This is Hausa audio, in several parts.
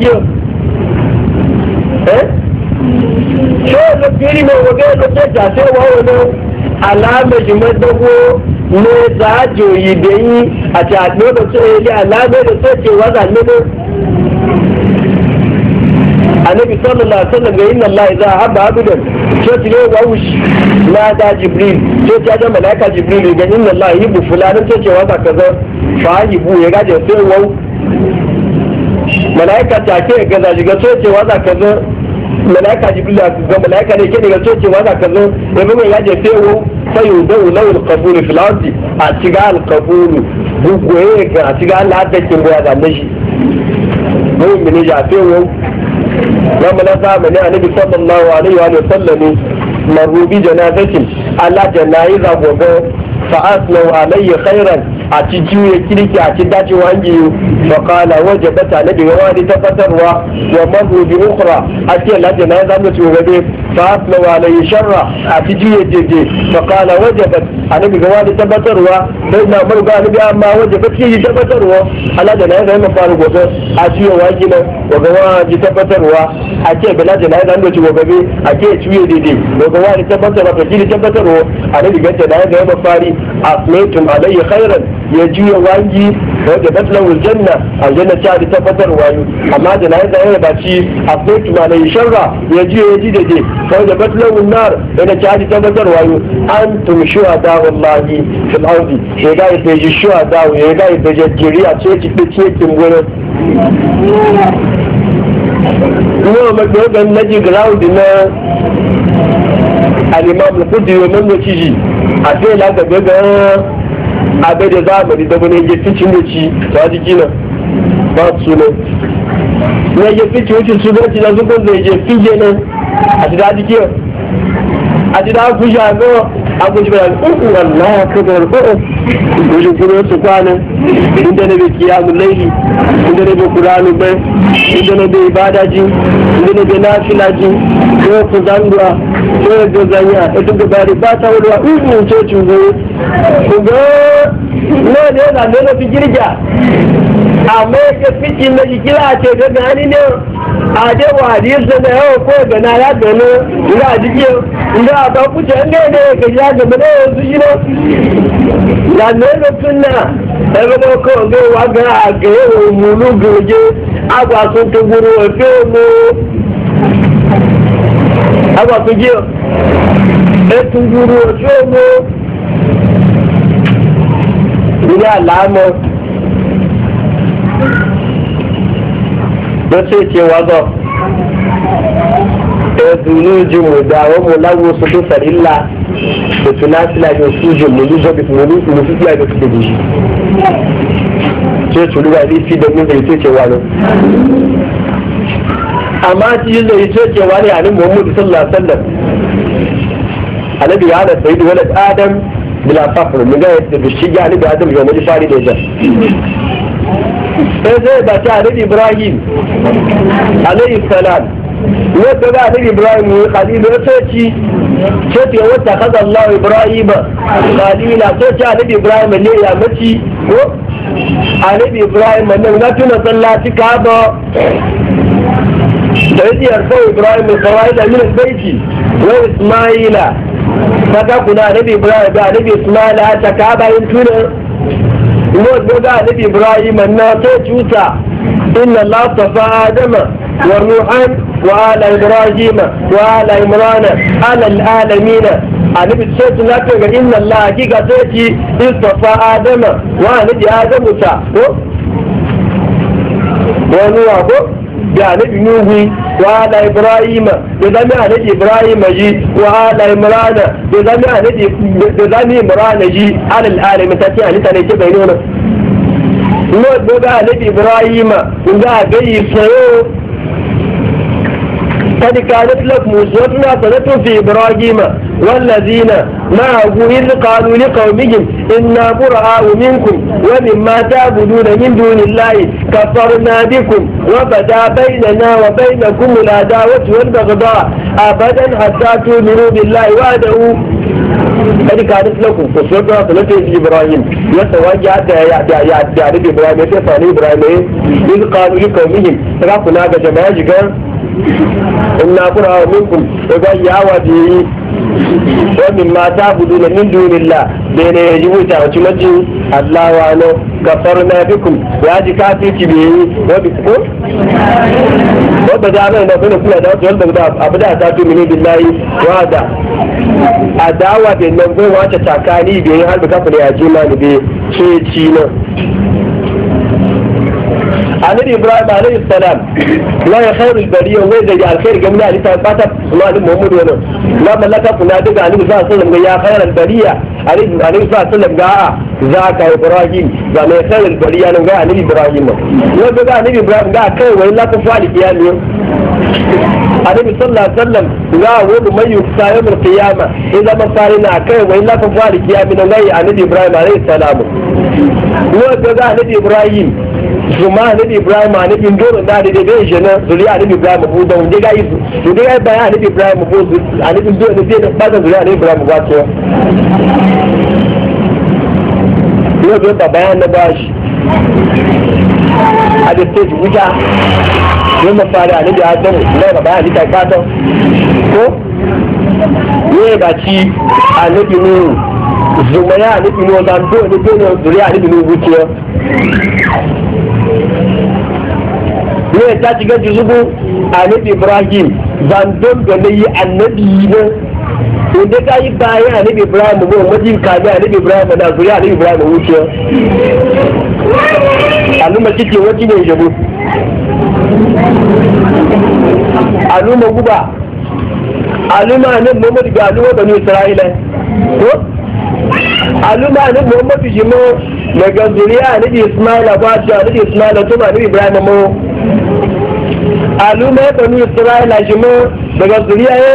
kíọ̀ ẹ́ ṣé ló kiri mọ̀ wọ́n gẹ́gẹ́ ló tẹ̀jà sí ọwọ́ wọn lọ aláàmẹ̀jù ní ṣáájú òyìnbó yín àti àgbẹ̀rẹ̀ tó ilé aláàmẹ̀jù tó ti wá dà nínú. annabi sallallahu alaihi wasallam ga inna Allah idza habba abdan to ti ne wa wushi na da jibril to ta da malaika jibril ga inna Allah yibu fulana to ce wa kaza fa yibu ya gaje sai wau malaika ta ke ga za shiga socewa za ka zo malaika jibrila ga malaika ne ke daga socewa za ka zo da mun ya je sai wo sai yau da ulawul qabul fil ardi a tiga al qabul gugoye ga a tiga Allah da kin goya da nashi mun ya ja wo na malaka mani annabi sallallahu alaihi wa sallam marubi janazatin Allah ala janaiza gobe fa aslu alayya khairan ati juye kiriki ati ci dacewa hanyoyi wa kala waje bata na daga wani wa mahu bi ukra ati alati na yadamu tu gobe fa wa la sharra ati juye jeje wa kala waje bat a na daga wani tabbatarwa sai na amma waje bat ki tabbatarwa alaja na yadamu faru gobe ati ci wa na wa ga ati tabbatarwa a ce bala da na zama ci gobe a juye jeje wa ga kiji tabbatarwa ka gata na yadamu faru asmetum zama alayhi khairan ya juya wangi da ga batlan a aljanna ta da tabbatar wayo amma da da zai ba ci a ma tumalai sharra ya juya ya ji da je sai da batlan nar da ta da tabbatar wayo an tum da wallahi fil ardi ya ga ya ji da ya ga ya ji jiriya ce ki ce ki gurin kuma magdogan na ground na alimam al-kudi wa ci ji a sai la ga ga abai da zamani da wani ya fi cin wuci ta jiki na ba su ne na ya fi cin wuci su gaci na su zai je fi je nan a ti da jiki a ti da ku shago abuji bai uku Allah ya kaga rubu'u wajen kuma su kwana inda na bai kiyamu laili inda na bai kuranu bai inda na bai ibadaji inda na bai nafilaji ko ku zanduwa ko ga zanya ya duka bari ba ta wuduwa uku ce cugo ku ga na ne na ne na fi girga amma ya fi jin na jikila ce ga gani ne àdéhùn àdíṣẹ́lẹ̀ ọkọ̀ ìgbẹ̀nà alágbẹ̀ẹ́lú ìlú àdíjẹ́ ìlú ya ń gẹ́gẹ́ ìkèjì agbẹ̀mẹ́lẹ́ oṣù yìí ne ìlànà ẹlòpín náà ẹgbẹ́ ọkọ̀ ọ̀gẹ́ wa gan àgẹ́ òun olúgbòjé agbàsó tó gbòòrò ẹ̀fẹ́ omo agbàsójé ẹtù gbòòrò ẹ̀fẹ́ mu. ìlú e àlámọ́ don sai ce wazo da zunujin mu da mu lagu su dusar illa da tunasila da sujin mu da su musu iya da suke da shi ce tulu ba da fi da mun zai ce wani amma yi zai ce ce wani a nan muhammadu sallallahu alaihi wasallam annabi ya da sayyidu wani adam bila fafur mun ga yadda bishi ya ni adam ga fari da ita ẹzẹ́ ìbàtí àlẹ́ ibrahim alẹ́ ìsẹ̀lám wọ́n gbẹ́gbẹ́ àlẹ́ ibrahim wọ́n kàlí lọ sẹ́ẹ̀tì sẹ́ẹ̀tì owó takazà lọ ibrahim kàlí ilà sẹ́ẹ̀tì àlẹ́ ibrahim lé yàmẹ́tì wọ́n àlẹ́ ibrahim náà wọ́n tún lọ́sọ̀ láti káàbọ̀ sẹ́ẹ̀tì ẹ̀fọ́ ibrahim sọ̀rọ̀ ayélujára mílẹ̀ sẹ́ẹ̀tì wọ́n ismaila saka kuna àlẹ́ ibrahim àlẹ́ ismaila àtàkà lọ́dọ̀ ga níbi ibrahim náà tó júta inna látafa adama wa ruhan wa ala ibrahim wa ala imrana ala alamina annabi sai tun lafiya ga inna allah hakika sai ci istafa adama wa annabi adamu ta ko wani wa ko da annabi nuhu wa ala ibrahima da zami annabi ibrahima ji wa ala imrana da zami annabi da zami imrana ji ala alamin ta ce alita ne ke bai nuna Ngo ga annabi ibrahima ga gayi sayo قد كانت لكم أسوتنا حسنة في إبراهيم والذين معه إذ قالوا لقومهم إنا براء منكم ومما تعبدون من دون الله كفرنا بكم وبدا بيننا وبينكم العداوة والبغضاء أبدا حتى تؤمنوا بالله وعده قد كانت لكم أسوتنا حسنة في إبراهيم يتوجه تعرف إبراهيم يتفعل إبراهيم إذ قالوا لقومهم ربنا بجماعة inna kuna wa k'o ga yawa ji ko min ma ta budu na min dunilla be ne yi wuta a cikin ji Allah wa no kafar na bikum ya ji kafi ki be ko bi ku, ko da da na kuna kula da wato da da abu da ta tu min billahi wa da adawa da nan go wata takani be yi har da kafa ya ji ma ni be ce ci na ان ان ان ان ان ان ان عليه إبراهيم عليه السلام ان يخير البرية ان الخير جميع ان تبعته الله ان ونو لا ان فنادق عليه ان الله عليه ان يا خير ان عليه صلى ان عليه وسلم ان ذاك إبراهيم ان خير البرية نو جاء عليه إبراهيم لا جاء عليه إبراهيم جاء خير وإلا كفالي في اليوم عليه صلى الله عليه وسلم لا ولد آه، من يقطع يوم القيامة إلا من فارنا كي وإلا كفار القيامة نعي عن إبراهيم عليه السلام هو جزاه إبراهيم zuma anabi ibrahim anabi ndoro na anabi bai je na zuriya anabi ibrahim bu da wunde ga izu wunde ga bayan anabi ibrahim bu anabi ndoro ne bai da bazan zuriya anabi ibrahim ba to yau don ba bayan na ba shi a da stage wuta yau ma fara anabi adam na ba bayan ita kato ko yau ba ci anabi nuru zuma ya anabi nuru zan do ne bai na zuriya anabi nuru wuce ne ta shiga jizugu annabi ibrahim zandon da na yi annabi ne wanda ka yi bayan annabi ibrahim ko majin kaji annabi ibrahim na zuriya annabi ibrahim wuce al'umma kike wani ne jabo al'umma guba al'umma ne muhammad ga al'umma bani isra'ila ko al'umma ne muhammad jimo daga a annabi isma'ila ba ta annabi isma'ila to annabi ibrahim mo aluma ya banu isra'ila shi ma daga zuriya ya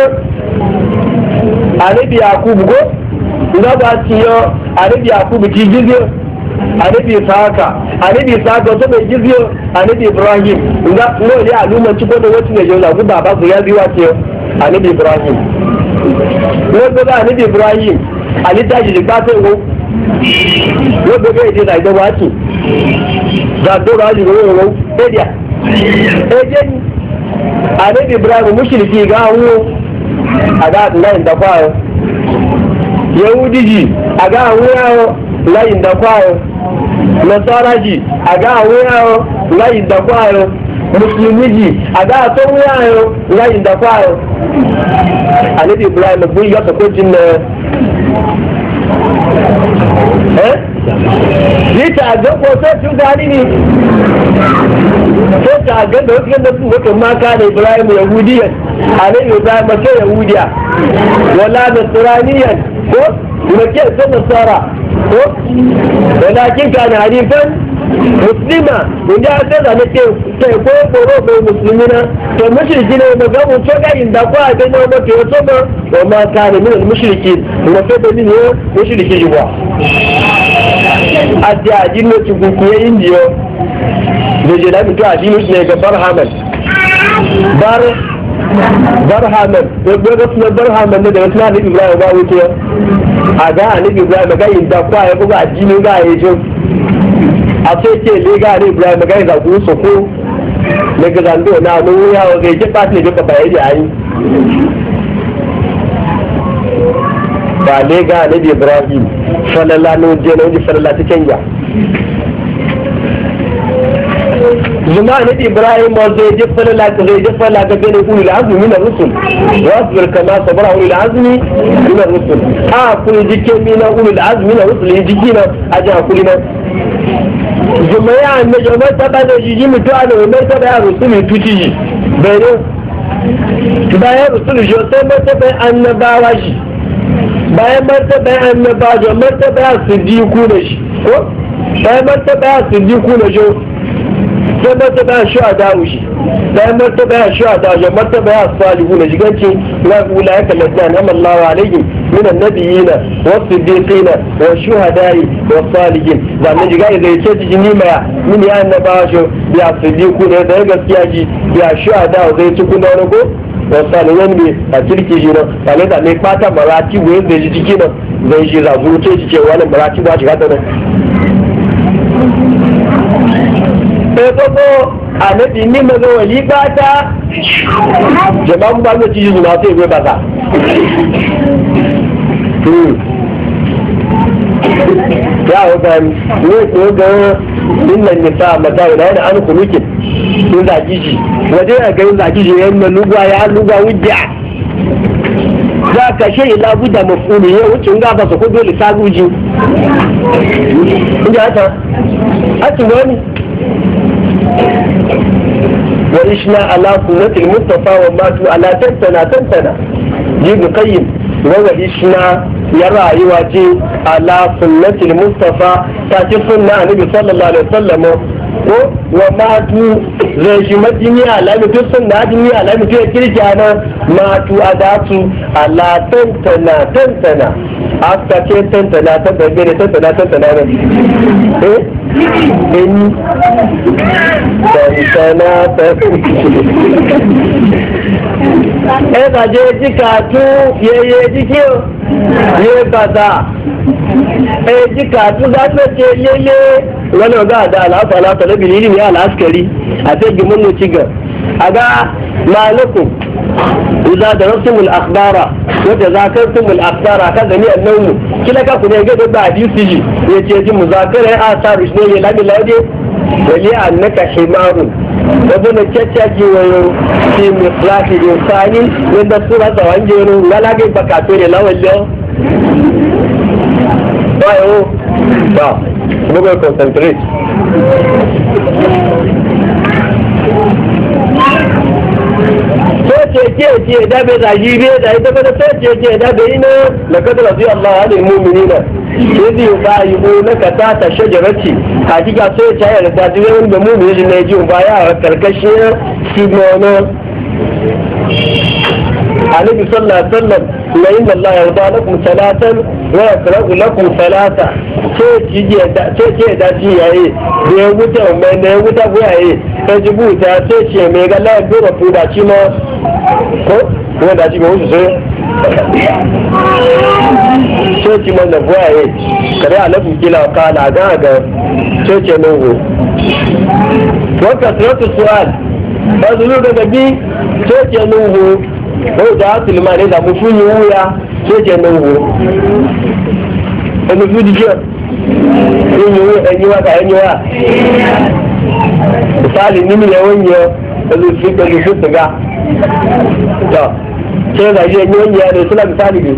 anabi yakubu ko na ba ci yo anabi yakubu ci gizo anabi isaka anabi isaka to bai gizo anabi ibrahim nga no ya aluma ci ko da wacin ne yau ku baba su ya biwa ci anabi ibrahim ne ga anabi ibrahim ali daji ba ta go ne ga ide da ga wacin da dora ji go go edia ejen anabi ibrahim mushriki ga hu aga ga da kwayo yahudi ji aga hu yawo layin da kwayo nasara ji aga hu yawo layin da kwayo musulmi ji a to hu yawo layin da kwayo anabi ibrahim bu ya ka ko jin eh, eh? ní tàgé ga tó tún dání ni tó tàgé da wasu yadda sun wato maka da ibrahim yahudiyan alayhi ibrahim mace yahudiya wala da turaniyan ko kuma mace ta tsara ko walakin kana hanifan muslima wanda ya gaza na ke kai ko koro mai musulmi na to mushriki ne ba gamu to ga inda ko a bai nawa to yaso ba wa ma ka min mushriki kuma sai da min mushriki ba. àti àdínlò ti gùnkùn yẹ indiyo lèjè láti tó àdínlò ti nẹ̀gẹ̀ barhaman barhaman gbogbo ẹgbẹ́ fún barhaman ní ẹgbẹ́ fún àdínlò ibrahim bá wípé àgá àdínlò ibrahim ẹgbẹ́ ko ga ayé gbogbo ga gá jo a ce èké le ga àdínlò ibrahim na yìí dàgbò sọ̀kó lẹ́gẹ̀dàndò náà lówó yá ọ̀gẹ̀ ìjẹ́pàtì ìjọba ayi. ba ne ga annabi ibrahim sallallahu alaihi wasallam wani sallallahu ta canja zuma ne ibrahim ma zai je falala ka zai je falala ka gane ku ila azmi na rusul wa asbir kama sabara ku ila azmi na rusul a ku jike mi na ku ila azmi na rusul jike na aje ku na zuma ya ne jama ta ba da jiji mi to a ne mai ta da rusul mi tuti ji bare bayan rusul jo sai mai ta bai annabawa shi bayan martaba ya annaba da martaba ya siddiku da shi ko bayan martaba ya siddiku da shi sai martaba ya shi a dawo shi bayan martaba ya shi a dawo shi martaba ya salihu da shi ganci na kula ya kallata na mallawa alaihim من النبيين والصديقين والشهداء والصالحين زعما جيغا اذا يتي جنيما من يا النباشو يا صديقون يا دغسكياجي يا شهداء زي تكون نورغو wọ́n eh, ni wọ́n mi àtìríkì yìí náà wàlẹ́ tàbí pátá màrá tí wọ́n ń bèjì díkì náà bèjì làbúrú tó ti jẹ wọ́n ní tí wọ́n ti rátọ̀ náà. ẹ̀kọ́kọ́ àlẹ́bí ní mẹ́lẹ́wọ̀ yìí pátá jẹ̀bá ń bá ló ti yìí náà tó ìwé bàtà. yàrá ọgbà ni wọ́n ti gan-an nílẹ̀ nìta ìlànà kìí. in zagiji waje ya ga in zagiji ya yi lugwa ya lugwa wujja za ka shi ila buda mafulu ya wuce ga ba su kudu lisa guji inda haka haka wani wa ishna ala sunnatil mustafa wa matu ala tantana tantana jibu qayyim wa wa ishna ya rayuwa ce ala sunnatil mustafa ta ci sunna annabi sallallahu alaihi wasallam ko wa matu rejima jini alami duk sun na jini alami duk kirki ana matu a datu ala tantana tantana afta ce tantana ta bangare tantana tantana ne eh eni tantana ta eh da je jikatu yeye jikiyo ye bada eh jika tu za ta ce yeye wani ga da alafa la ta nabi ilimi ya alaskari a ce gimin mu ci ga aga malakum idza darastum al akhbara wa tazakartum al akhbara ka gani annahu kila ka ku ne ga da hadisi ji yace ji muzakara a tarish ne ya labi labi wali annaka himaru wabuna caccaji wayo fi mislaki insani wanda sura ta wanjeru lalaga bakatu ne lawallo báyìí ó gbà gbogbo concentrate. Soce ce ce da bai zagi bai da ita kada soce ce da bai yi na da kada rasu Allah hada mumini na. Sai zai ba yi ko na ka ta ta shajarati hakika sai ta yarda da yawan da mumini ne ji ba ya karkashin sigmono. annabi sallallahu alaihi wasallam la inna allaha yarda lakum salatan wa yakrahu lakum salata ce ki je da ce ce da shi da wuta mai da ya wuta ko yayi ta jibuta ce ce mai ga la dora da shi ma ko ko da shi mai wuce sai ce ki man da ko yayi kare alabu kila kana ga ga ce ce nan go wa kasratu su'al ba zulu daga bi ce ce nan báwo dáa tìlímà ní ìdààmú fún yìí wúya tí ó jẹ́ ẹnu wò ẹnu fún jíjẹ́ ẹni wú ẹni wá ká ẹni wá ìsáàlì nínú ìyẹn oúnjẹ ẹnu fún pẹ̀lú fún tìga tó ṣé ẹ̀ka ṣe ẹni oúnjẹ ẹni sílá ìsáàlì bì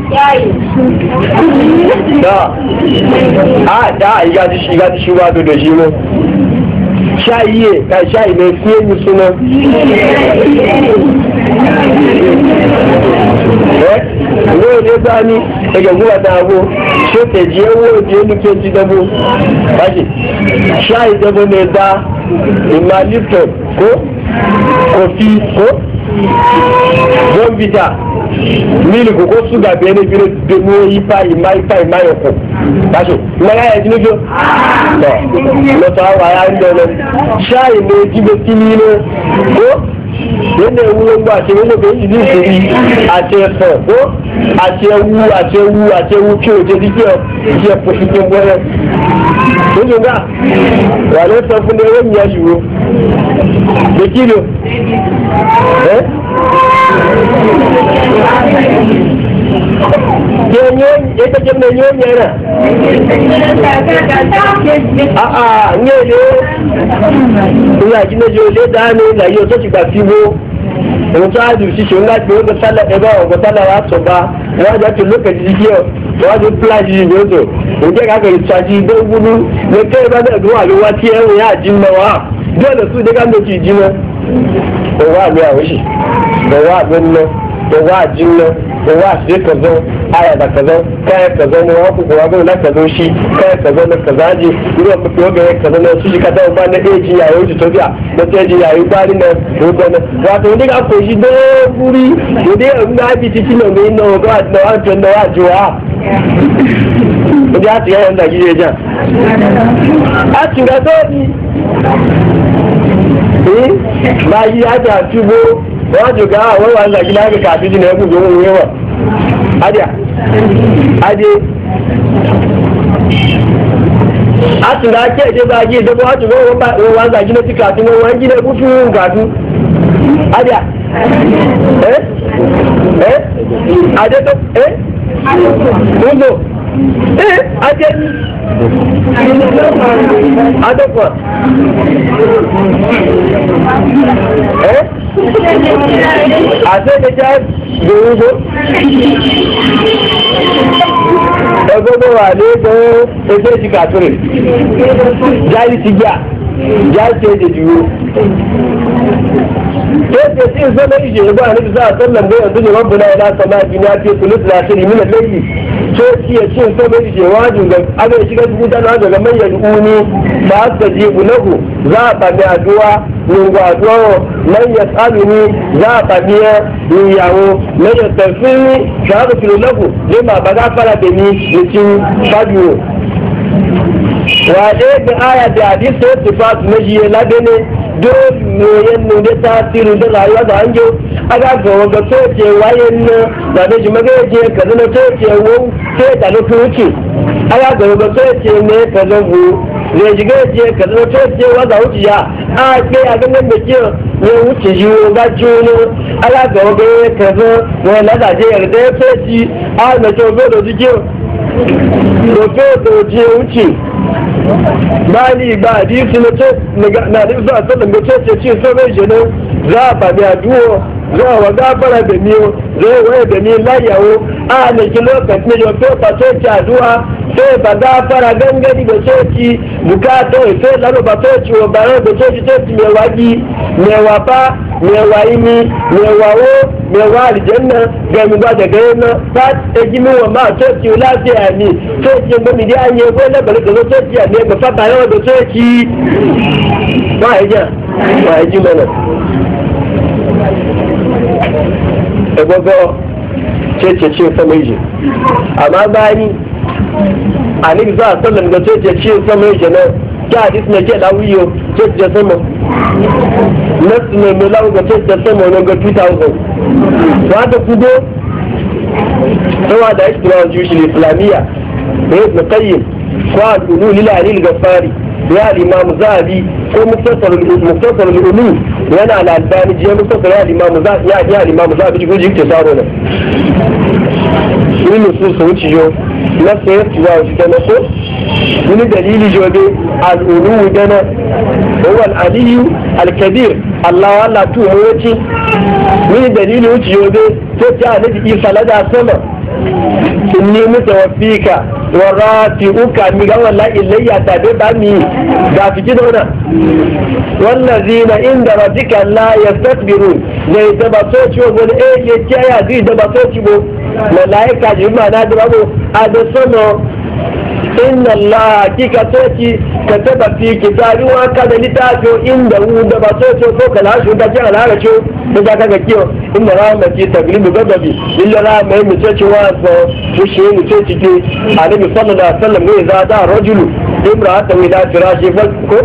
tó a dáa ìgbà tí ṣe wá dodo mú. ṣáyé ẹ̀ṣá ilẹ̀ sí èyí súná. Ìwé òde bá ní ẹgbẹ̀gbọ́n àti àgbo ṣé tẹ̀jì owó òde olùkẹ́ ti dọ́gbó. Bájì, ṣá ìdọ́gbó lè dá ìmàlítọ̀ kó kòfí kó bọ́ǹbìtà mílìkù kó ṣúgà bẹ́ẹ̀ ní bí ó ti dé mú ipa ìmá ipa ìmá ẹ̀kọ́. Báṣọ, ìmọ̀lá ẹ̀ ti lójó. Lọ, lọ́tọ̀ àwọn ará ń dọ̀nà. Ṣáàyè ló jíbe sí ní inú. Ó lónà ewúro gbọ́ àti ewúro bẹ́ẹ̀ yìí ní ìṣèlú àti ẹ̀fọ́. Ó àti ewu àti ewu àti ewu kí òjò dídí ọ̀ jẹ́ pòṣìṣẹ́ gbọ́dọ̀. Lójú náà, wà ló sọ fún ewé mi ẹ̀yùwò. Bèkí ita ce mai yoyi yana a'a nye le ina ji na jole da ne na yau to ti gba fiwo ohun tó àdùn ṣíṣe ńlá pé ba gbọ́sálà ẹgbẹ́ ọ̀gbọ́sálà wa tó bá wọ́n jẹ́ tó lókè jíjí ọ̀ wọ́n ti pílàjì ìgbésò ke káàkiri ìtàjì ìgbéwúrú lókè ìbádẹ́ wa wà lówá tí ya yá ma wa bí ọ̀nà tó dé ká lókè ìjìmọ̀ òwò àgbẹ̀ àwòṣì òwò àgbẹ̀ ńlọ da wa jinna da wa sai ka zo aya da ka zo kai ka zo mu ku ko ga na ka zo shi kai ka zo na ka zaji ruwa ku to ga ka zo na su shi ka dawo ba na eji ya yau to biya na eji ya yi bari na ruwa na wa to dinga ko shi da guri ko dai an na bi titi na mai na ga na wa to na wa juwa ya da ta yayin da gije ja a ci ga to ni eh ba yi ya ta tubo wọ́n jù ká àwọn wà ń sàkí láàrín kàfí jìnà ẹkùn tó wọ́n wọ́n adé adé àtúndà kí èdè bá jí ìdókò àtúndà wọ́n wà ń sàkí lọ́tí kàfí wọ́n wọ́n jìnà ẹkùn fún kàfí adé ẹ́ ẹ́ adé tó ẹ́ ń bò eh a gani a eh a sai da ẹgbẹ́gbẹ́ wà ní ẹgbẹ́ ẹgbẹ́ ìjìká tó jáì ti gbà jáì ti ẹ̀jẹ̀ dúró yadda shi zo na ije ya ba ni za a sallan bai yanzu ne rabbuna ila sama duniya ce kullu da shi min al coci ya cin so bai je wajin ga abin shiga cikin dana daga mai yal'uni ba su ji bunahu za a faɗi addu'a yungu addu'a mai ya tsaluni za a faɗi ya yiyawo mai ya tafini shahadu filonaku ne ma ba za fara da ni da cin fajiyo. wa ɗaya da aya da hadisi ta yadda ba su na jiye labene don ne nune tasirin da rayuwa da hanjo aga ga wanga toce wayen na da da shi magaje kaza na toce wau sai da na tuki aga ga wanga toce ne kaza hu ne shiga je kaza na toce wa da wuce ya a ke a ganin da ke ne wuce ji wo ga juno aga ga wanga kaza wa na da je yarda ya toci a na to go da jike to to je wuce Mali ba hadisi na ce na nabi za a sallan ga ce ce so mai jinin za a fami aduwo za a wa gafara da miyo za a waya da miyo layawo a na ki lokacin yau to ba ce ki aduwa sai ba gafara gangani da ce bukata sai lalo ba ce wa bare da ce ki ce mai wagi mai wafa mẹwa imi mẹwa na mẹwa àlìjẹ́nà gẹ̀mùgbàdà gẹ̀rẹ́nà fat ejimi wọn máa tó ti láti àmì tó ti gbẹmí dé ayé ẹgbẹ́ lẹ́gbẹ̀rẹ́ kan tó ti àmì ẹgbẹ́ fata yẹn wọ́n tó ti máa ẹ̀jẹ̀ máa ẹ̀jú mọ́nà. ẹgbọ́gbọ́ ṣe ji, ṣe fẹ́ méjì àmọ́ báyìí àníbi sọ àtọ́lẹ̀ nígbà tó ṣe ṣe fẹ́ méjì náà kí àdìsí náà jẹ́ láwùyọ tó ti jẹ nasu ne mai lagu ga ce da sama wani ga 2000 ba ta kudo yawa da ake tunawa juyushin islamiyya eh, da ya tsaye ko a tsuru lilalil gafari ya limamu zabi ko muktasar al'ulu yana al'adani jiya muktasar ya limamu zabi ya limamu zabi ko jikta saro ne yi sun su wuce yo na sayar tuwa shi ta wani dalili jobe al'ulu dana huwa al'aliyu al-kabir Allah wa Allah tu wuce wani dalili wuce jobe sai ta annabi Isa sama inni mutawaffika wa rafi'uka mi ga walla ilayya ta be ba mi da fiki dona wallazina inda rabbika la yastakbirun ne da ba so eh ya da ba so na inna Allah kika ki ka taba fi kitabi wa ka da litafin inda hu da ba soci ko ka lashu da ji alara ce da za ka ga kiyo inna rahmati taglibu gadabi illa mai mu ce wa so shi mu ce ki alimi sallallahu alaihi wasallam ne za da rajulu imra'ata ila firashi ko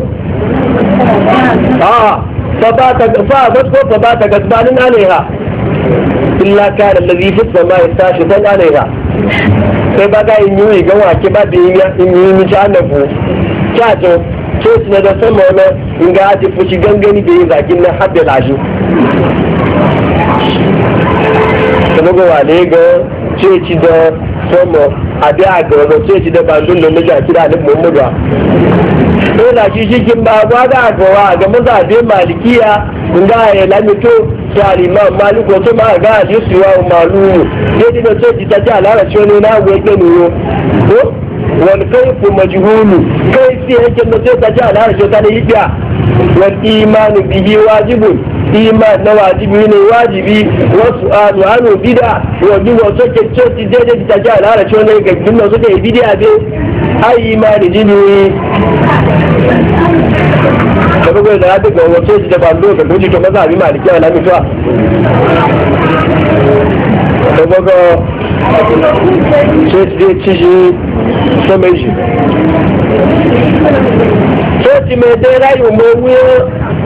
ah, a فابت ko ta gasbanin alaiha illa kana allazi fi samai tashi dan alaiha sai ba ga yin yi gan wake ba da yi ni ta nabu kyato to su na da sama wani in ga aji fushi gangani da yi zagin nan har da lashi kuma ga wale ga ceci da sama a da a gaba ceci da bandun da nija kira da mummuga ko da shi shi kin ba ba da a gawa ga malikiya kun ga ya tí a lè máa máa lúkọ tó máa gá àdéhùn wa ò máa lú wò náà tó di tajà lára tí ó ní náà wọ ẹgbẹ́ nìyó wọn kai ku majhulu kai sai yake na sai tajà lára tí ó tani yígbà wọn imanu bihi wajibun iman nawa wajibi ne wajibi wasu anu anu bida wani wasu ke ce ti daidai di tajà lára tí ó ní gaggin na suka yi bidiya be ayi ne jini kọ̀rọ̀ gbé náà dìgbà owó tó ìjìjọba da lójú tó mọ́sá àbí màlìkí ọ̀la mi tó à. ọgbọ́gọ́ tó ti dé tí ṣe tó méjì. tó ti mẹ dé ráyò mọ owó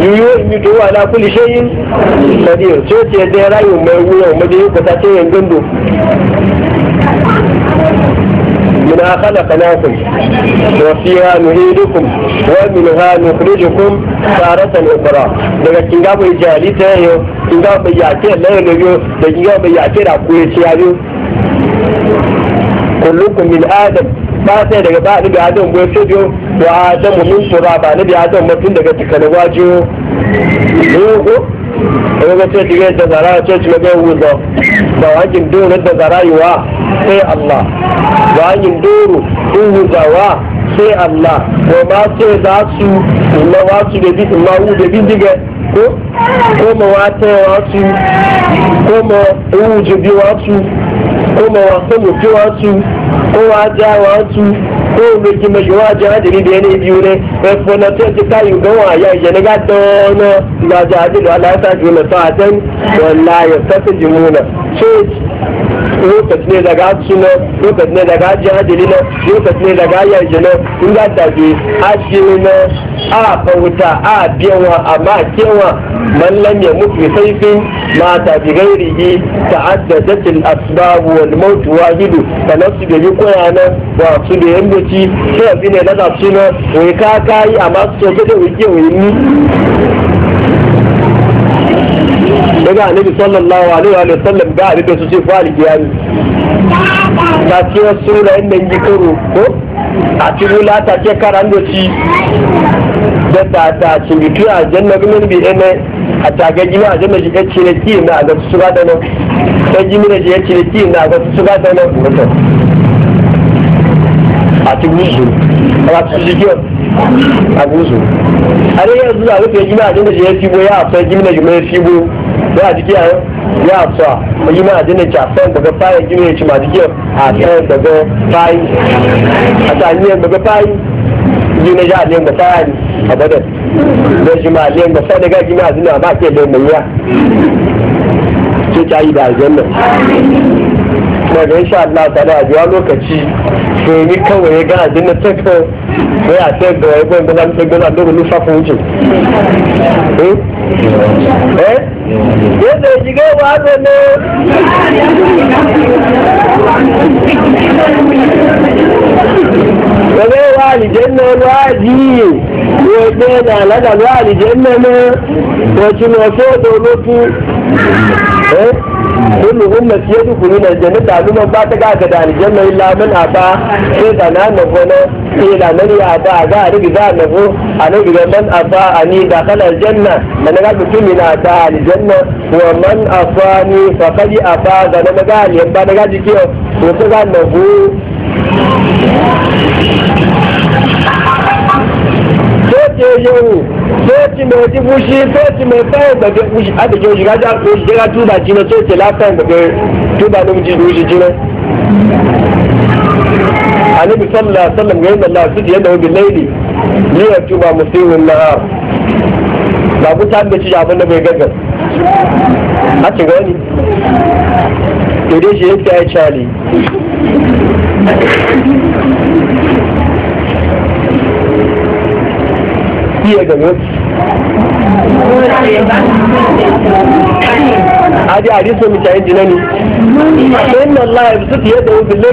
yíyó ìmí tó wà lápú lè ṣe yín lọ́dí tó ti dé ráyò mọ owó ọmọdé yóò kọta yin yẹn منها خلقناكم وفيها نهيدكم ومنها نخرجكم تارة أخرى daga kinga bai jali ta yau kinga bai yake lai da yau da kinga bai da ci kullukum min adam ba sai daga ba da adam bai fito wa mun turaba ne da adam mutun daga tikanin wajiyo ko daga ce diga da zara ce ci ga wuzo ba wakin doro da zara yiwa sai Allah ba wakin doro in wuzawa sai Allah ko ba sai za su ma wasu da bi ma wu da bi ko ko ma ko ma kó mọ wọn kó mọ ko wọn tu kó wọn ajá wọn tu kó wọn méjì méjì wọn ajá biyu dèbí bẹ́ẹ̀ ní na rẹ ẹ̀fọ́ náà tí wọ́n ti ká yìí gan wọn àyà ìyẹn nígbà dánná ìgbà ajá ta aláǹtà jù lọ tó àtẹn wọn láàyò tẹ́sí jù mú lokaci ne daga suna lokaci ne daga ajiyar hajjali na lokaci ne daga ayar jina in ga a ajiyar na a bauta a biyanwa amma kewa من لم يمت بسيف مات بغيره تعددت الأسباب والموت واحد فنفس بيقول أنا وأقصد يمتي سيبين لنا سنة ويكاكاي أما سوكت ويجي daga annabi sallallahu alaihi wa sallam ga abin da su ce fa alkiyami ta ce sura inda yi karo ko a cikin lata ce karan da ci da ta ta jannabin bi a taga jima a jima jiya cire ki na ga su ba da nan ta jimi na jiya cire ki na ga su ba da nan mutum a ti guzu a su jiya a guzu a dai yanzu a rufe jima a jima jiya fibo ya a jimi na jima ya fibo ya a jiki ya a ma a jima a jima ci a san daga fayin jima ya ci ma jiya a san daga fayin a san daga fayin biyu na ja ne musani a badar da jima ne sai da gaji na zina ba ke da mai ya ke ta yi da aljanna kuma da insha Allah ta da biya lokaci ni kawai ya ga aljanna ta ko ya ta ga wai ban da zan ta ga da lissafin wuce eh? eh yadda ya shiga ba haka ne Gbogbo ewa alijanna na alaga na, eh kullu ummati yadkhuluna aljannata aluma ba ta ga ga na yi illa man aba sai da na na gona sai da nan ya ba ga riga da na go anan riga man aba ani da kala na man ga na ina da aljanna wa man afani faqad afa da na ga aljanna ba ga dikiyo ko ga na go ke yau soci mai ji fushi soci mai da ke fushi a da kyau shiga ja ko shiga tuba jina soci da ke tuba da mutu fushi jina annabi sallallahu alaihi wasallam ga da Allah su yadda wabi laili liyar tuba muslimin na ba ku ta da shi abin da bai gaggar a ci gani to dai shi yake ya cali fiye da yau adi hadisin mutayen jinani inna Allah da ya tuba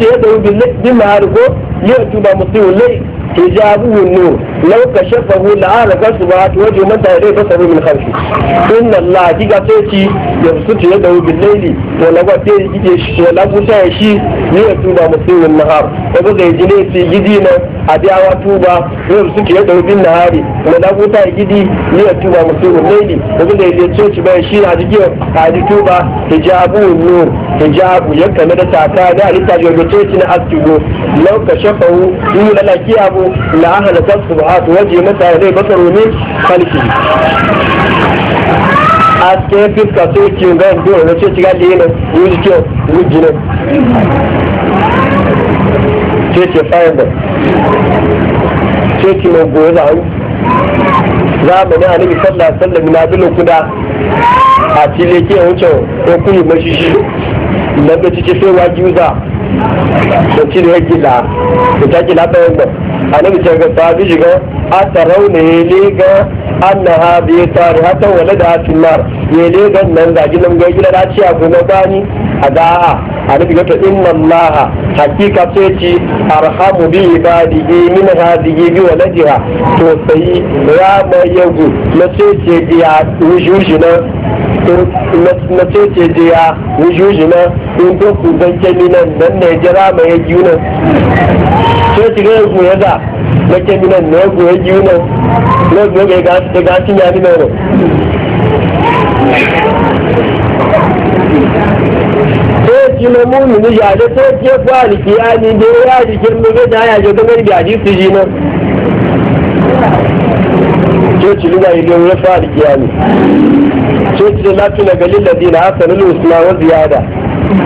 ya da ya tuba nur لو كشفه لعالك سبحانه وجه من تهديه بصره من خلفه إن الله ديغا تيتي يبسط يده بالليل ولغا تيجي ولغا تيشي ليتوبا مصير النهار وبغا يجلي في جدينا أدعوا توبا يبسط يده بالنهار ولو ولغا تيجي ليتوبا مصير الليل وبغا يجلي تيشي بيشي هذه هذه توبا حجاب النور حجاب مدى تاكا دا لتاجي وبتيتي نأسكو لو كشفه يقول لك يا أبو لأهلك سبحانه mata ya متى إليه بصر من a cikin fiska sai ke gayan biyu na ce shiga da yanar yi kyau wuji ne ce ce fayar da ce ce mai goyi za a yi za a bane a nabi sallah sallah na bilin kuda a cile ke wuce ko kuni mashi shi lambaci ce sai wajiyu za da ya gila da ta gila ta wanda annabi ce ga sabi shiga a tarau ne ne ga annaha bi hata wale da tunar ne ya lega nan ga gina ga gila da ci abu na bani a da'a annabi ga to inna allaha hakika sai ci arhamu bi ibadihi min hadihi bi ha to sai ya mai yago na sai ce ya wujuji na na cece je ya wujuji na in ko ku dan kemi nan nan ne jira mai ya giyu nan sai ti ga ku ya da na kemi nan ne ku ya giyu nan na go ga ga da ga tin ya ni nan sai ti na mu ni ya da sai ke kwali kiyani da ya jikin mu ga da ya ga da ga ji su ji nan coci yi don ya fara kiyami coci da lafi na galin da dina hasanul husna wa ziyada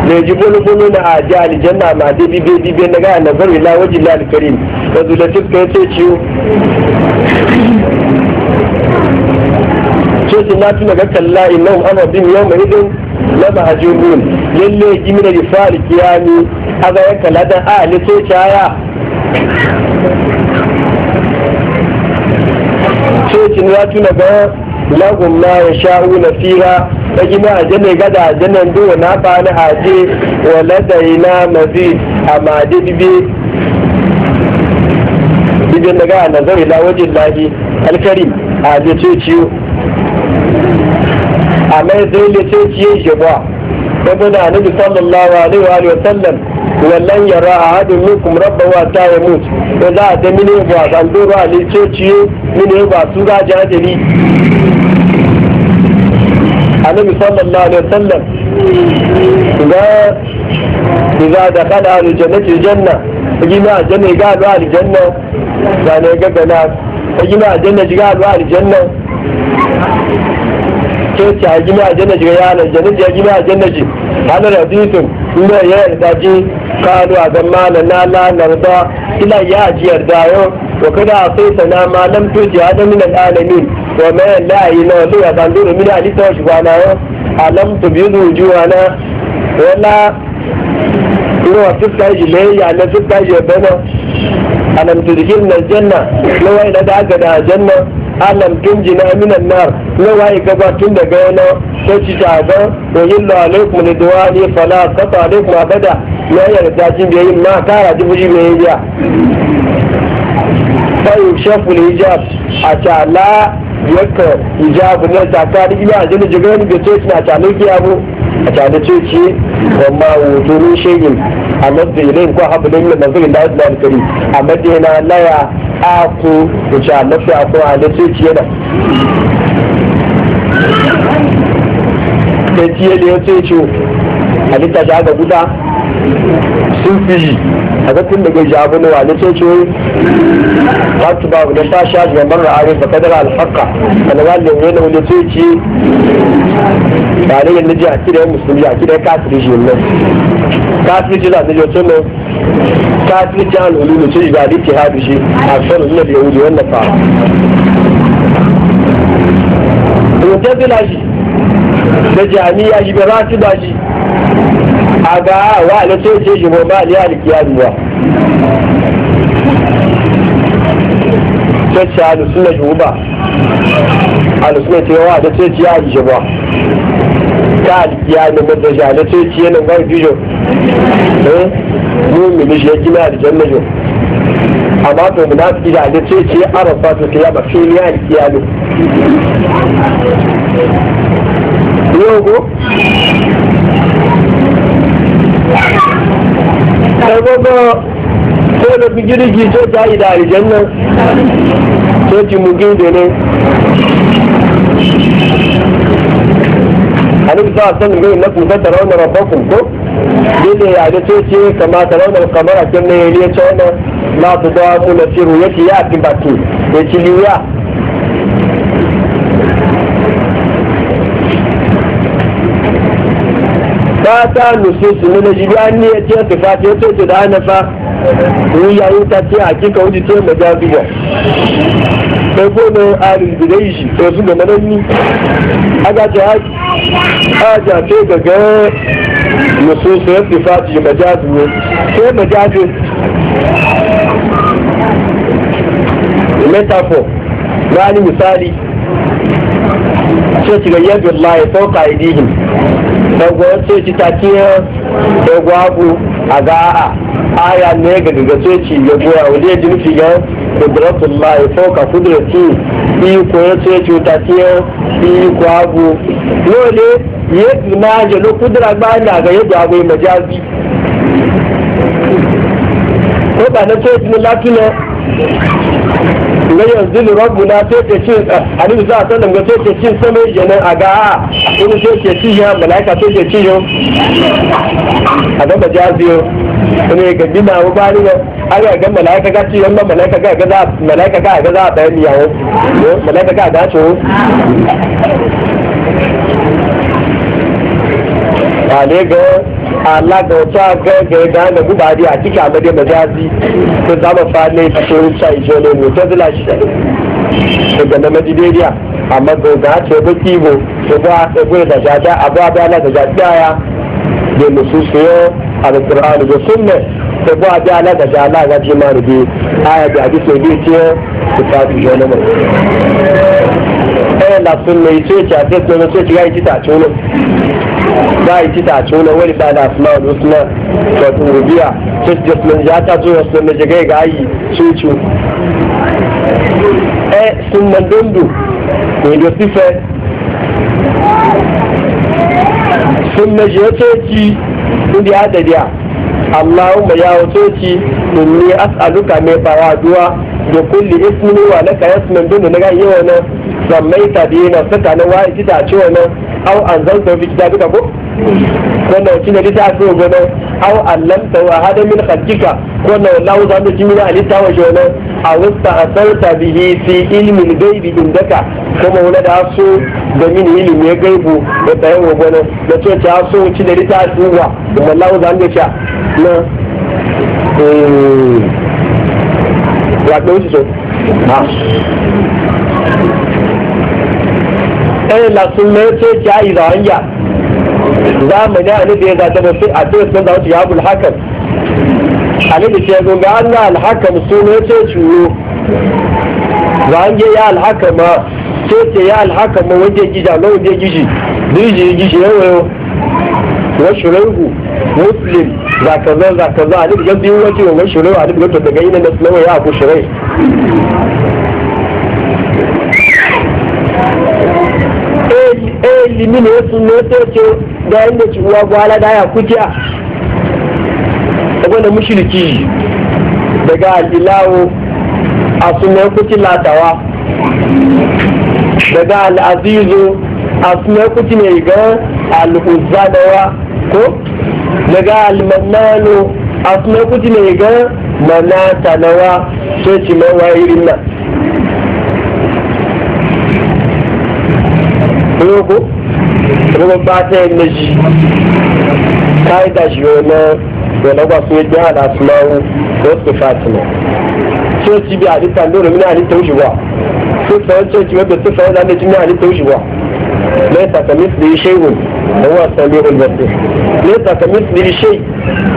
da ji bulu bulu na aji alijanna ma dai bibe bibe na ga nazar ila waji lil karim da zulatif kai ce ciwo coci lafi na ga kalla innahum amabin yawma idin lama hajjubun lalle gimi da fara kiyami aga kalla da a ne coci aya sai kin ya tuna ga lagun ma ya sha'u na fira da gina jane gada ajiyar duwa na bani haje wa ladai na mazi a madi bibe na daga a nazari la wajen lahi alkari a lece ciyo a mai zai lece ciye shi ba ya bada annabi sallallahu alaihi wa sallam wallan yara a hadin minkum rabba wa ta ya mut da za a ta mini ba zando ba ne cociye mini ba su ga jajiri annabi sallallahu alaihi wasallam ga iza da kana ke janna A gina a janna ga a aljanna ga ne ga gana gina a janna ga ga aljanna ke a gina a janna ga ya aljanna gina janna ji hannun raditun inda ya yarda ji kanu a zama na nala narda ila ya ji yarda yau wa kada a sai sana ma lam ji hada min alalamin wa ma la yi na wasu ya zandu da min alisa wa shugana yau alam tu biyu zuwa na wala ina wa fuska ji le ya na fuska ji bana alam tu dikin na janna lawai ina da aka da janna alam tunjina minan nar lawa ya gabatun daga yana ko ci jaga wa yillu alaikum ni duwani fala qata alaikum abada ya yarda jin da ma kara buji mai ya bayu shafu ja a la yaka ta na zakari ila jiga jigani da ce na ne ki abu a da ce ce amma wudurin shegin a mazu ilayin ko habu ne yin da ilayin da alkari a madina laya aku da ci annabi a kuma da ce ciye da ke ciye da ya ce ciwo a nika ja ga guda sun fi yi a zafin da gaji abinuwa na ce ciwo wata ba wani ta sha shiga marar ari da kadara alfaka a na wani ne na wani ce ciye ba ne yin na ji a kira yin musulmi a kira ya kasiri shi yin nan kasiri shi na na jocin nan kafirci al'ulu ce ba da ke shi a sanar na da yahudi wannan fara mutazila shi da jami'a shi da shi a ga wa na sai ce shi ba ne a rikiyar ruwa sai alu suna shuba alu suna ce wa da sai ce ya yi shuba ta alkiya ne mata shi alu sai ce yanin gari fijo mumini shi ya gina aljanna yau amma to munafiki da ne sai ce arafa to kiyama sai ya alkiyalo yau ko Agogo ko da to ta yi da to mugin da ne sa san na kusa rabakun ko dole ya da ce kamara kama kamar a kan ne yaliya ta wannan na ta dawa ko na firu ya ce ya fi batu ya ci liya ba ta nusu su nuna jibi an ya ce su fata ya ce su da hanafa ni yayin ta ce hakika wuce ce majaziya sai ko na alin bidai shi to su ga mananni aga ta haja ce gaga nususu ya fi fati majazu ne sai majazu metaphor gani misali sai shiga yadda Allah ya sauka idihim dagwar sai ci takiyar a za'a aya ne ga daga sai ci ya goya wajen jin shigar kudratun Allah ya sauka kudratin iko sai ci takiyar iko abu dole ye imaje lo kudura ba na ga yadda abai majazi ko ba na ce ni latino na yanzu ni rabu na ce ce cin a ni za a sanar ga ce ce cin sama yanan a ga a ah, ce ce cin ya malaka ce ce cin yau a ga majazi yau kuma ya gaji na wa bani ba an ga ga malaika ga ci yamma malaika ga ga za ga ga za bayani yawo malaika ga ga ce ale ga ala ga wata ga ga ga ga guba a cikin amade majazi ko za mu ne ta so sai ne mu ta zila shi daga na majideriya amma ga ga ce ba kibo ko ba ta gure da jaja abu abu ala da jajaya da nususu yo alquran da sunna ko ba ala da jala ga aya da hadisi bi ce ta fi ne mu la sunna ce ce ta ce ta za a yi ci tace na wani ba da asma wani wasu na wato su ji wasu ya ta zo wasu na jigai ga ayi cucu eh, sun man dondo ne da sife sun na je coci inda ya dadiya Allahumma ya wacoci inni as'aluka mai faraduwa da kulli ismi wa laka yasmin dunu na ga yawa na sammai ta biyu na suka na ta ciwo aw anzalta fi kitabika ko Ko n'a wacce ne ta so gono aw lam wa hada min khalqika wanda zan za mu ali alita wa jono aw asauta bihi fi ilmi al-ghaibi indaka kuma wala da so da min ilmi gaibu da tayi wa gono da ce ta so ci da ta duwa wa wallahu zan mu cha na eh ya ko so ha ɗaya na sun mai ce ki ayi za hanya zamani a nufi ya zata ba sai a ce sun zauci ya bul hakan a nufi ce ga an na alhakan su mai ce ciwo za an ya alhaka ma ce ce ya alhaka ma wanda ya gija na wanda ya giji dirji ya giji ya wayo wa shuraihu muslim za ka za za ka za a nufi ya biyu wace wa shuraihu a nufi ta ga yi na nasu nawa ya ku shuraihu musulmi ne wasu noto ce da yadda ci uwa gwala da ya a saboda mushriki daga al'ilawo a sunan kuci latawa daga al'azizu a sunan kuci ne ga al'uzza wa ko daga al'mannano a sunan kuci ne ga manata wa sai ci mawa irin nan ko kuma ba ta yin yi ka'ida shi wani wani gwasu ya ji hada su mawu da wasu fatima coci bi halitta lura mini halitta wuce ba sufa wani coci wadda sufa wani halitta mini halitta wuce ba laisa ka misli shay'un da huwa sami'ul basir ta ka yi shay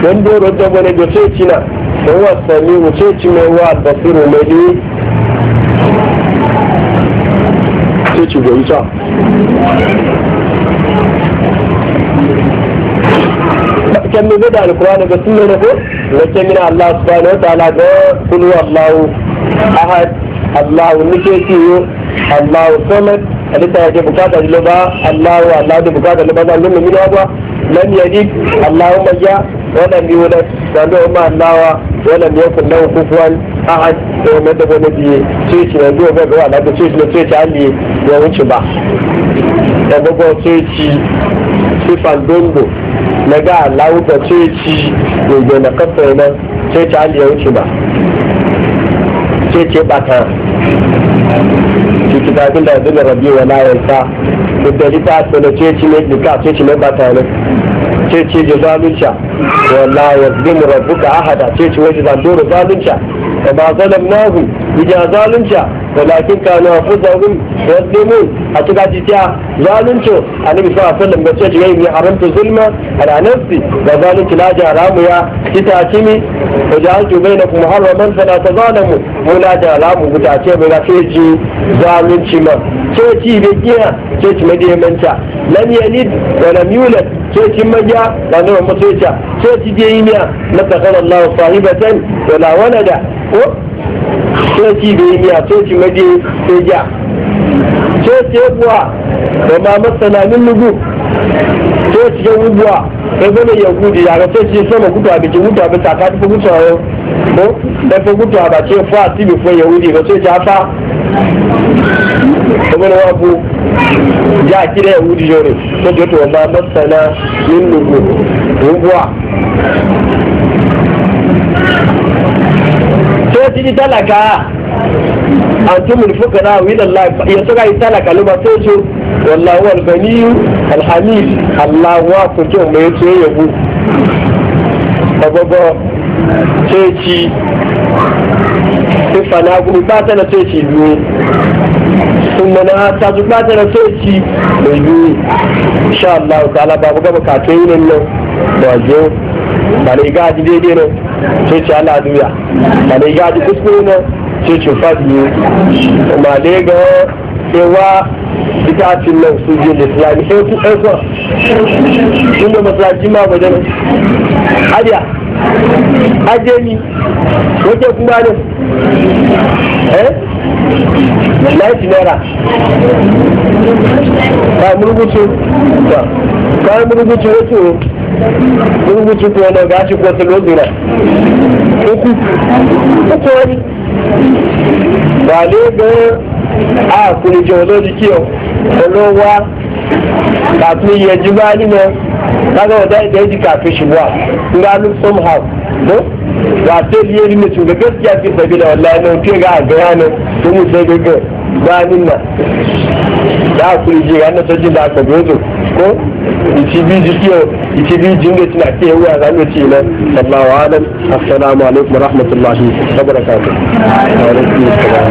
dan doro da wani da coci na da huwa sami'u coci mai wa basiru mai ne coci goyi ta cikin min da alkur'ani ga sunna ne ko wace mina Allah subhanahu wataala ga kul Allah ahad Allah nike ciwo Allah samad alita yake bukata liba ba Allah Allah da bukata da ba zan nuna mina ba lam yadik Allahumma ya wala mi wala dan da ma Allah wala mi yakun lahu kufuwan ahad to mai da wani biye ce ce yanzu ga ga wala da ce ce ce ce Ali ya wuce ba da gogo ce ci sifan dondo na ga alawu ta ce ci daidai na kafa yana ce ci hali ya wuce ba ce ce bata ciki ta gunda da rabi wa layarsa da dari ta tsana ce ci mai nika ce ci mai bata ne ce ce ji zalunca wa layar zimu rabu ka ahada ce ci wajen zandoro zalunca da ma zalam nahu ya zalunta walakin kana fuzahum mun a tuka jitiya zalunto annabi sallallahu alaihi wasallam ga cewa yayi haramta zulma ala nafsi da zalunci la jaramu ya kita kimi wa ja'altu bainakum muharraman fala tazalamu mu la jaramu guda ce bai ga feji zalunci ma ce ci bai kiya ce ci mai manta lam yalid wa lam yulad ce ci maja da nan mutunta ce ci yi miya na takalla Allah sahibatan wala walada ko coci bai iya coci maje soja coci ya buwa da ma masananin lugu coci ya buwa ya zama ya gudu ya ga coci ya sama gudu a bikin gudu a bisa ka tafi gudu a yau ko da fi gudu a bace fa ti bi fa yahudi ga coci ya fa kuma na wabu ya kira yahudi yau ne ko da to ma masana min lugu buwa ti di tálàkà àtúmùlù fúkàrà wílọ̀lá ìyẹ̀sọ́gá yìí tálàkà ló bá tó tó wọ̀lá wọn lọ ní alhamid aláwọ̀ àkójọ ọmọ ètò ìyẹ̀wò ọgbọgbọ tẹ́ẹ̀tì ìfànà agbóhùn pátá náà tẹ́ẹ̀tì ìlú sunana ta zuba ta na soci mai biyu insha Allah ta ala babu gaba ka yin nan da wajen ba na daidai ne sai ce ala duya ba na ne sai ce fadi ma dai ga cewa itacin nan su je da islami sai ku ɗan son inda masalaci ma ba jana hadiya aje ni wace kuma ne eh naiti naira ka murgutu ka murgutu wato rubuci ko da gashi ko ta lodura uku uku wani ba ne ga a kuli geology kiyo olowa kafin ya ji ba ni na ga wata da yaji kafin shi ba gano somehow no ba ta liye ni mutum ga gaskiya fi sabi da wallahi na fiye ga a gaya ne sun mutum ga gani na da a kuli ji ranar sojin da aka gozo ko iti bi jiki iti bi jinga tina ke wa ga ne ci na sallallahu alaihi assalamu alaikum wa rahmatullahi wa barakatuh wa alaikum assalam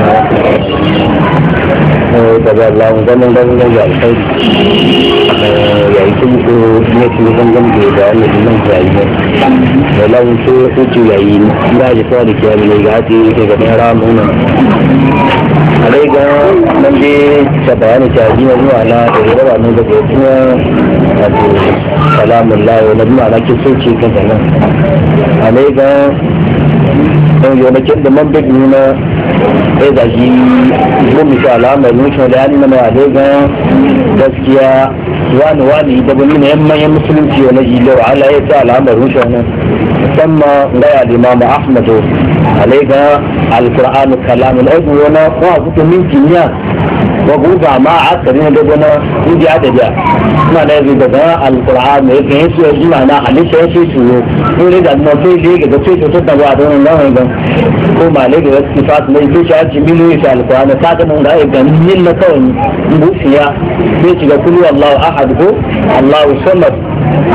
eh daga Allah mun ga mun ga alkhairi yayin ko ne ki zangan da da wannan nan yayi ne da lawo so ko ci yayi da ji ko da kiyar ne ga ti ke ga ramu na alai ga nan dai ta bayani ta ji na zuwa na da yawa ne da kuma wato salamun lawo na zuwa na ke so ce kan nan alai ga yau da man bi nuna sai da shi mun misala mai da yana mai alai ga gaskiya wani wani da bani na yamma ya musulunci wani jilo ala ya sa al'amarin shi wani musamman gaya limamu ahmadu alaiga alkur'anu kalamun aibu wani kwa kuka min kimiyya wabu ba ma a kari da gona indiya da biya suna da yanzu daga alkur'an mai kan yasu yanzu ma na halitta yasu yi dole da na sai da ga sai to da a don nan ga ko ne da wasu sifat mai to shi ci milu ya alkur'an ta ga mun ga ga min na kawai bufiya sai ki ga kullu ahad ko allahu samad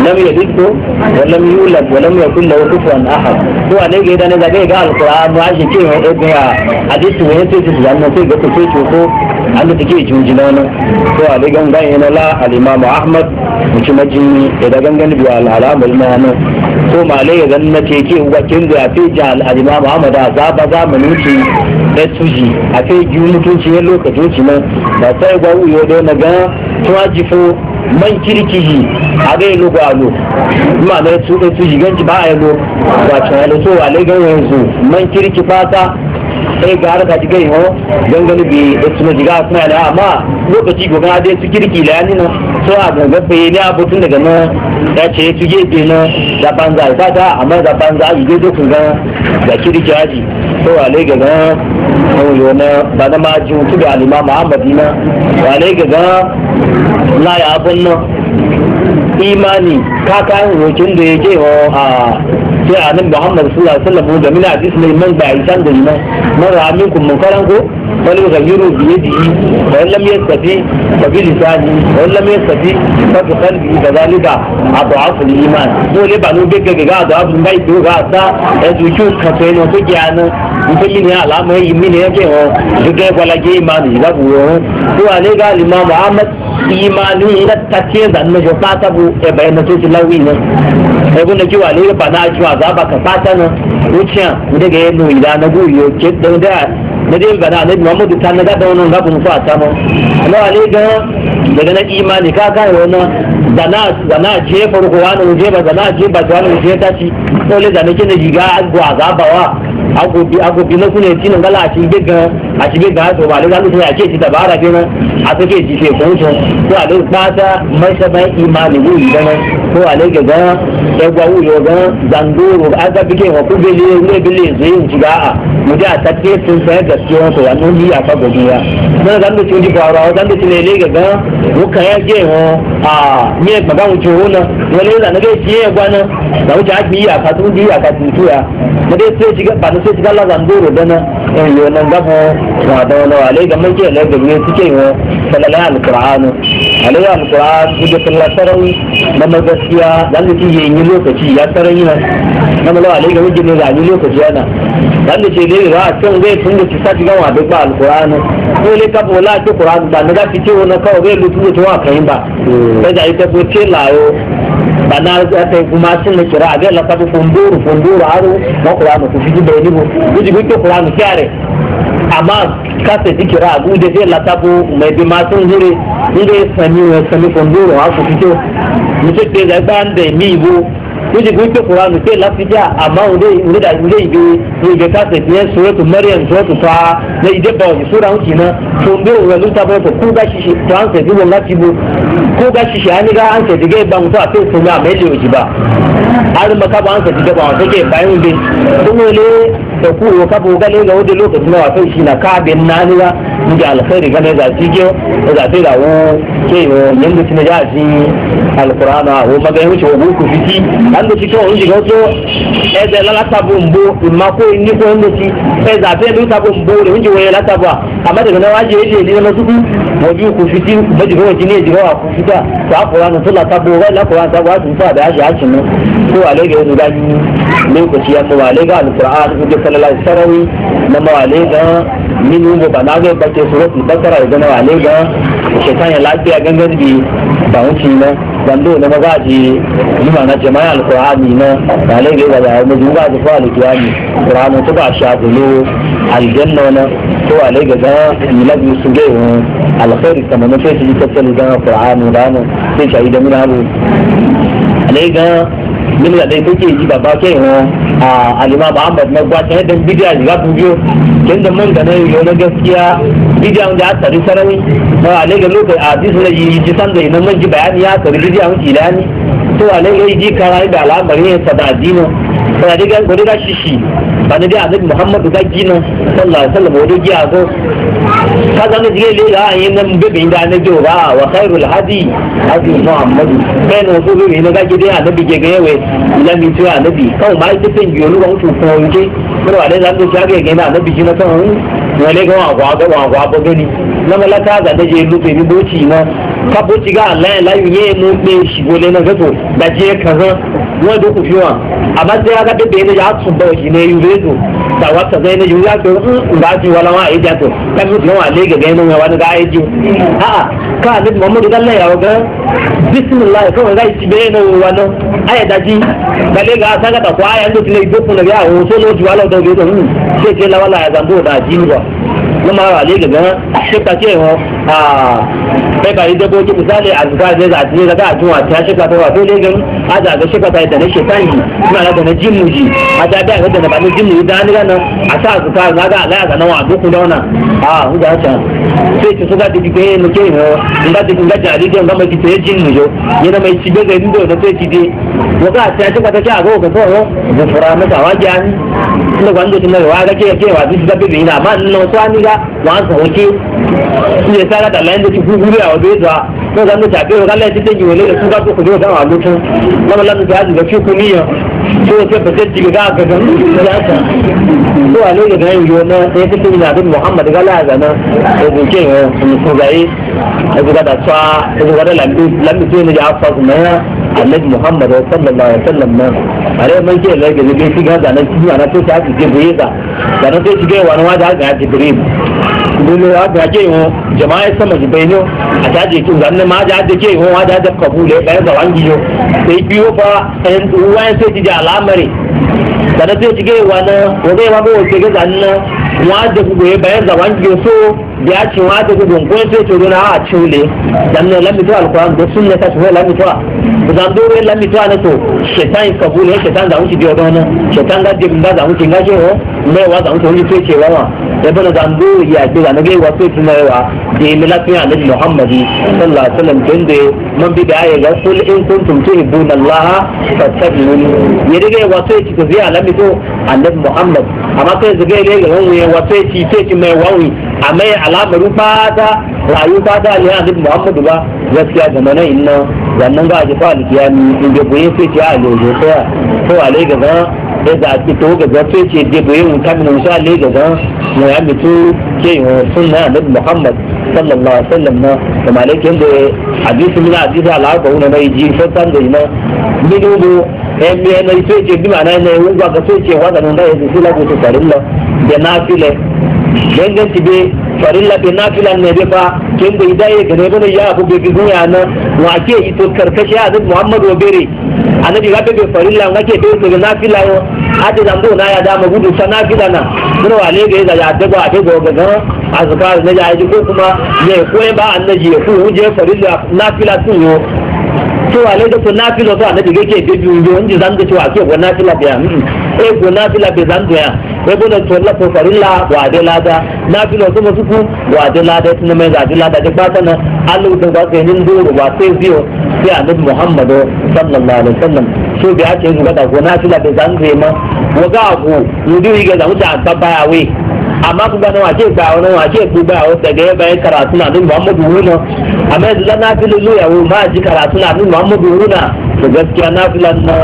lam yalid ko wa lam yulad wa lam yakul lahu kufuwan ahad ne ga idan da ga alkur'an ba shi ke mai ibn hadisi ne sai ki sai ga ko anda take jinjina nan ko a dagan gan yana la al-imam ahmad mutum majini da dagan gan biya al-alamul nan Ko malai ya ganna te ke wa kin da fi ja al-imam ahmad za ba za mu nuci da tuji a kai ji mutunci ne lokacin ci nan ba sai ga uyo da na ga to ajifo man kirkihi a ga yi lugu alo ma da su da tuji ganci ba a yi lugu ba can yi lugu to a lagan yanzu man kirki fata kai ga harka ji gai hau don gani bi da suna jiga suna da amma lokaci gobe na dai su kirki la yani na so a ganga bai ne abutun daga na ya ce su gefe na da banza ba ta amma da banza a gefe kun ga da kirki haji so a lai ga na yau na ba na maji mutu ga alima muhammadi na wa lai ga na ya abun na imani ka kayan rokin da ya ke a sai a nan muhammad sallallahu alaihi wasallam da mina hadis mai man da aisan da nan man ra'a minkum munkaran ko wal yughayyiru bi yadihi wa lam yastati fa bi lisani wa lam yastati fa bi qalbi kadhalika adhaf al iman dole ba no be ga ga adhaf ngai do ga ta e du chu ka to no to ja na nto mini ala ma yi mini ke ho eh, de ga wala ge iman yi da ku ko ale ga imam ahmad imani na tace zanna jo fata bu e bayan to ci lawi ne e gun da kiwa ne e ba na ciwa za ba ka fata na wuciya ne ga yelo ida na gu yo ke da da ne dai ba na ne Muhammadu ta na ga da wannan kun fa ta mu Allah ne ga daga na imani ka ga wannan zana zana ce farko wani je ba zana ce ba wani je ta ci dole zana kina jiga agwa za ba wa agobi agobi na kune tinan gala a cikin gigan a cikin ga to ba da zalu sai a ce shi dabara ke nan a sake ji ke kunshi ko a duk bata mai saban imani wu idan ko a lege ga ya gwa wu yo ga zanduru a ga bike wa ku bele ne bele zai ji ga a mu da takke sun sai gaskiya to ya nuni ya fa gobiya na zan da tuji fara zan da tile lege ga mu ka ya je ho a me ba ga mu wale da na ga ji ya gwa na da wuce haɗi iyaka tun ji iyaka tun tuya da dai sai shiga ba sai shiga lazan doro da na yau nan gafo eh, na da wani wale ga mai ke lai ga biyu suke yi salalai alkur'anu alayhi alkur'an suke sallar lasarar na magaskiya za su ci yi lokaci ya sarari na na malawa alayhi ga mai gini ga yi lokaci yana za su ce dai za a can zai tun da cisa shiga wa duk ba alkur'anu ko le ka bola ta kur'anu ba na za su ce wani kawai zai lutu da ta wa kayin ba mm. sai da ita ko ce layo bana ta kuma sin na kira ga la sabu funduru funduru haru na qur'anu ku fiji da nibu kuji gutu qur'anu kare amma kasa ji kira abu da zai latabu mai bi masun zure inda ya sami sami funduru ha fito mutum da zai ban mi bu níbi gbogbo kuranu tẹ láfíjà àmọ́ òde ìgbé ìgbé káṣẹ̀ tiẹ̀ sọ̀rọ̀ tó mariam sọ̀rọ̀ tó fa ní ìdè bọ̀ọ̀lù sọ̀rọ̀ àwọn kìnnà tó ń bẹ̀rù rẹ̀ lóta bọ̀ tó kó bá ṣiṣẹ́ tó àǹsẹ̀ tí wọn láti bo kó bá ṣiṣẹ́ á ní ká àǹsẹ̀ tí gẹ́gẹ́ bá wọn tó àti òfin náà mẹ́lẹ̀ òjì bá arin ba kaba ansa tijaba wa take bayan bin dole da ku wa kaba ga le ga wanda lokacin wa sai shi na kabin naniwa níbi àlùfẹ́ẹ̀rì gan ẹ̀dà tí jẹ́ ẹ̀dà tí ìràwọ̀ ṣé ìwọ̀n yẹn ló ti nàjà àti alukura náà àwọn ọmọdé ń ṣe owó kò fi tí láńdó ti tó òun ṣe kọ́tọ́ ẹ̀dà látàbò ń bo ìmọ̀kó nípò ń lọ́tí ẹ̀dà tí ẹ̀dà látàbò ń bo òun ṣe wọ̀nyẹ látàbò àmọ́dẹ̀gbẹ̀ná wájú èdè ìdílé lọ́sùkú wọ́bí kò fi tí mọ́jìgbọ́n òjì ní ìdíwọ́ àkùnfíta tó àkùnrin tó látàbò wáyé lákùnrin àtàbò àtúntò àbẹ̀ àjẹ́ àṣìnú ko a lega yanzu da lokaci ya mawale ga alkur'an da sallallahu alaihi na mawale ga nínú mo bàbá gbé bàtẹ sọrọtì bàtàrà ìgbọnà wà lé gan ṣètàn yẹn láti agẹgẹ níbi bàwọn ti iná gbàndó ní mo gáà di yíma náà jẹ máa àlùkò àmì iná wà lé gbé bàbá ọmọ ìdìbò gáà ti fọ àlùkò àmì kòrò àmì tó bá ṣe àbòlò àlùjẹ náà náà tó wà lé gàgán ìmìlẹ́bí sùgẹ́ ìhun àlùfẹ́rì sàmọ́nà fẹ́ẹ́ ti di tẹ́tẹ́lì gan kòrò àmì ránù fẹ́ẹ́ ṣàyídẹ́mí náà lò. àlẹ́ gan nígbà tó kéèké yìí bàbá kẹ́yìn wọn àlèmọ́ alima ahmed mẹ́gbà na ẹ́ dẹ́n da yìí láti bíó kí n dẹ̀ mọ́ nǹkan náà yìí wọn gaskiya bídíà da jẹ́ àtàrí sarawi wọn àlẹ́ gẹ̀ lókè àdìs yìí jí sanda yìí náà mọ́ jí bayani yà àtàrí bídíà wọn kìlá ni tó àlẹ́ yìí jí kara ibà wani da shishi ba na biya annabi muhammadu ga ginin sallallahu alaihi wasallam wani giya zo ka zama jige le da yin nan bebe inda na jo ba wa khairul hadi hadi muhammadu kai no so bebe na ga gide annabi ge gewe la mi to annabi kan ma ita tin yolu ga mutu ko nge ko wale zan do shage ge na annabi jina kan wale ga wa gwa ga wa gwa bo gani na malaka da da je lu be bi boci na ka boci ga Allah la yuye mu be shi gole na gato da je kaza wọ́n dúkù fi wọn àbájẹ́ agadébẹ̀ yẹn yà á tún bọ̀ òjì ní yúrẹ́dù tàwa tàbí ẹni yóò yàtọ̀ ńgbà hmm, ju wọn làwọn àyè jàtọ̀ káfíń tí wọn àlé gẹ̀gẹ́ inú wọn wà ní káyé jù. káà ní mọ̀mọ́dé dálẹ̀ ìyàwó gan bísímìlá ìfọwọ́ ìgbà ìtìbẹ́ inú wọn náà ayẹ̀ dájí gbàlẹ́ gà sàgàtà kó ayẹ̀ ńlò tilẹ̀ ìgbókun nàbí àwọn oṣù lójú alọ́dọ̀ gbé hmm, tó ń ṣe é ṣe lawalà àgbàdo ọ̀dà àjí nìbọ̀ ló máa sai ba yi daboki misali a zuka ne za a ne za a ji wata shika ta wato ne gani a da ga shika da na shekani suna da na jin muji a da ga da ba na jin muji da an a sa zuka na ga ala ga nan wa duk da wannan a hu da ta sai ki suka digi ne ne ke ho in da digi da da ga mai ki sai jin muji yana mai ci daga indo na sai ki dai wa ga ta shika ta ga ga so ho da fura mata wa jani inda wanda tun wa ga ke ke wa duk da bibi nan so ani ga wa iye sara da lain da ci gugure a wabe da ko zan da tabe ko kallai tin yi wale da su ka ko kudo da a lokacin mama lan da da ci kuniya so ke bace ci ga ga da ta to a lokacin da yin yona sai ta tin da Muhammad ga la ga na da duke ne su gai da ga da tsa da ga lan lan ce ne ya Muhammad sallallahu alaihi wasallam nan are man ke la ga ne ga da nan ci ana to ta ji ga da da to ci ga wani wa da ga Jibril dole ya ga ke ho jama'a sama ji bai no a ta kin zanne ma ja da ke ho wa da da kabule bai da wangi yo sai biyo fa en uwa sai ji da da da sai ji wa na wa ma go sai ga wa da ku go bai da wangi so da ci wa da ku gon ko sai to na a chule zanne lammi to alquran da sunna ta ko lammi to zan dore lammi to ana to shetan kabule shetan da wuce biyo da na shetan ga da da wuce ga ho mai wa da wuce wuce ce wa ya bana da ando ya ce da nage wa sai tuna yawa da yi milafin a nabi muhammadi sallallahu alaihi wasallam din da man bi da ayyaga kul in kuntum tuhibbun allah fa tabun ya dige wa sai ci ko ziya nabi ko annabi muhammad amma kai zage ne ga wani wa sai ci sai ci mai wawi a ya alama rufa ta rayu ta ta ya ba gaskiya da mana inna wannan ga ji fa alkiyami in ga boye sai ci a lojo ko ẹ̀dà za gẹ̀gẹ́ tó ṣe dìbò ewu kábìnì musa lé gẹ̀gẹ́ wọn yà mí tó ṣe ìwọ̀n fún náà nabi muhammad sallallahu wa sallam na tàmàlẹ́ kí n bẹ àdìsí mi náà àdìsí aláàbọ̀ wọn náà ìjì fẹ́tàn lè iná nínú wo ẹ̀mí ẹ̀nà tó ṣe náà tó ṣe wà náà tó náà farilla bai nafila ne bai fa kin bai dai ga ne ya abu ya na wa ke ito karkashi a muhammadu wa anabi ga bebe farilla ngake be so na fila yo oh, ade zambo na ya da magudu sana fila na kuma wale ga ya da dago a dago ga ga azkar ne ya ji ko kuma ne ko ba annabi ya ku huje farilla na fila sun yo to wale da na fila to annabi ga ke bebe yo inji zan da cewa ke go na fila biya eh go na fila be zan da ya ebona tola ko farilla wa de lada na filo to musuku wa de lada tun mai da de lada duk bata nan Allah da ba sai nin duro ba sai biyo sai annabi Muhammad sallallahu alaihi wasallam so bi ake zuwa da gona fila da zan zai wa ga ku yudi ga da mutan ta baya we amma kuma nan wace ba wani wace ku ba wa daga ya karatu na annabi Muhammad wuna amma yanzu na filo loyawo ma ji karatu na annabi Muhammad wuna to gaskiya na filan na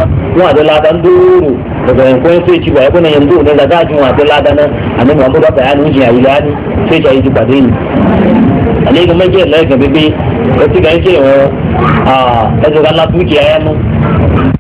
wa da ladan duro daga yankun sai ci ba ya kuna yanzu ne da za a ji wato lada nan a nan wani ba bayanin shi a yi lani sai ta yi ji kwade ni a ne kuma ke lai ga bebe ka ci ga yake wa a ɗaga ranar dukiya ya nan